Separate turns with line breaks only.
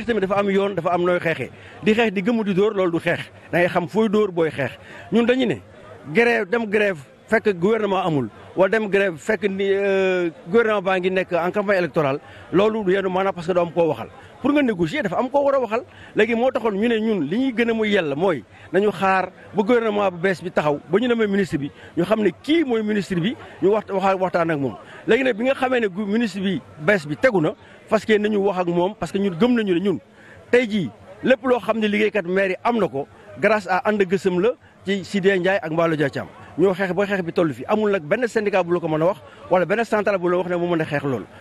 xeex tamit dafa am yoon dafa am nooy xeexee di xeex di gëmu di dóor loolu du xeex da ngay xam fooy dóor booy xeex ñun dañu ne grève dem grève fekk gouvernement amul wala dem grève fekk ni euh, gouvernement baa ngi nekk en campagne électorale loolu du yenu maanaam parce que doo am koo waxal pour nga négocier dafa am koo war a waxal léegi moo taxoon ñu ne ñun li ñuy gën a mu yell mooy nañu xaar ba gouvernement bu bees bi taxaw ba ñu demee ministre bi ñu xam ne kii mooy ministre bi ñu wax waxtaan ak moom léegi nag bi nga xamee ne gu ministre bi bees bi tegu na fas yéene nañu wax ak moom parce que ñun gëm nañu ne ñun tey jii lépp loo xam ne liggéeykat maire yi am na ko grâce à ànd gësëm la ci Sidé Ndiaye ak Mballo Dia Thiam ñoo xeex ba xeex bi toll fii amul nag benn syndicat la ko mën a wax wala benn
central bu la wax ne mu mën a xeex lool